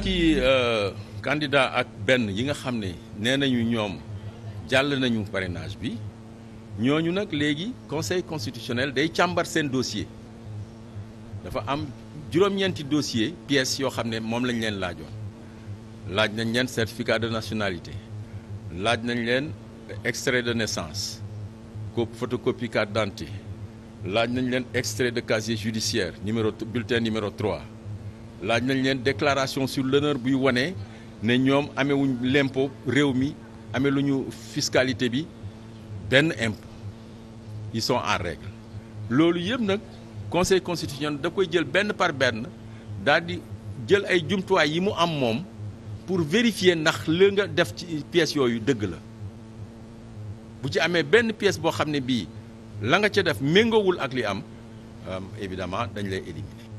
ñetti euh, candidat ak benn yi nga xam ne nee nañu ñoom jàll nañu parrainage bi ñooñu nag léegi conseil constitutionnel day càmbar seen dossier dafa am juróom-ñeenti dossier pièces yoo xam ne moom lañ leen laajoon laaj nañ leen certificat de nationalité laaj nañ leen extrait de naissance ko photocopie carte laaj nañ leen extrait de casier judiciaire numéro bulletin numéro 3 laaj nañ leen déclaration sur l'honneur buy wane ne ñoom amewuñ l'impôt réew mi amee lu ñu fiscalité bi benn impôt ils sont en règle loolu yëpp nag conseil constitutionnel da koy jël benn par benn daal di jël ay jumtuwaay yi mu am moom pour vérifier ndax li nga def ci pièces yooyu dëgg la bu ci amee benn pièce boo xam ne bii la nga ca def méngoowul ak li am euh, évidemment dañ lay éliminer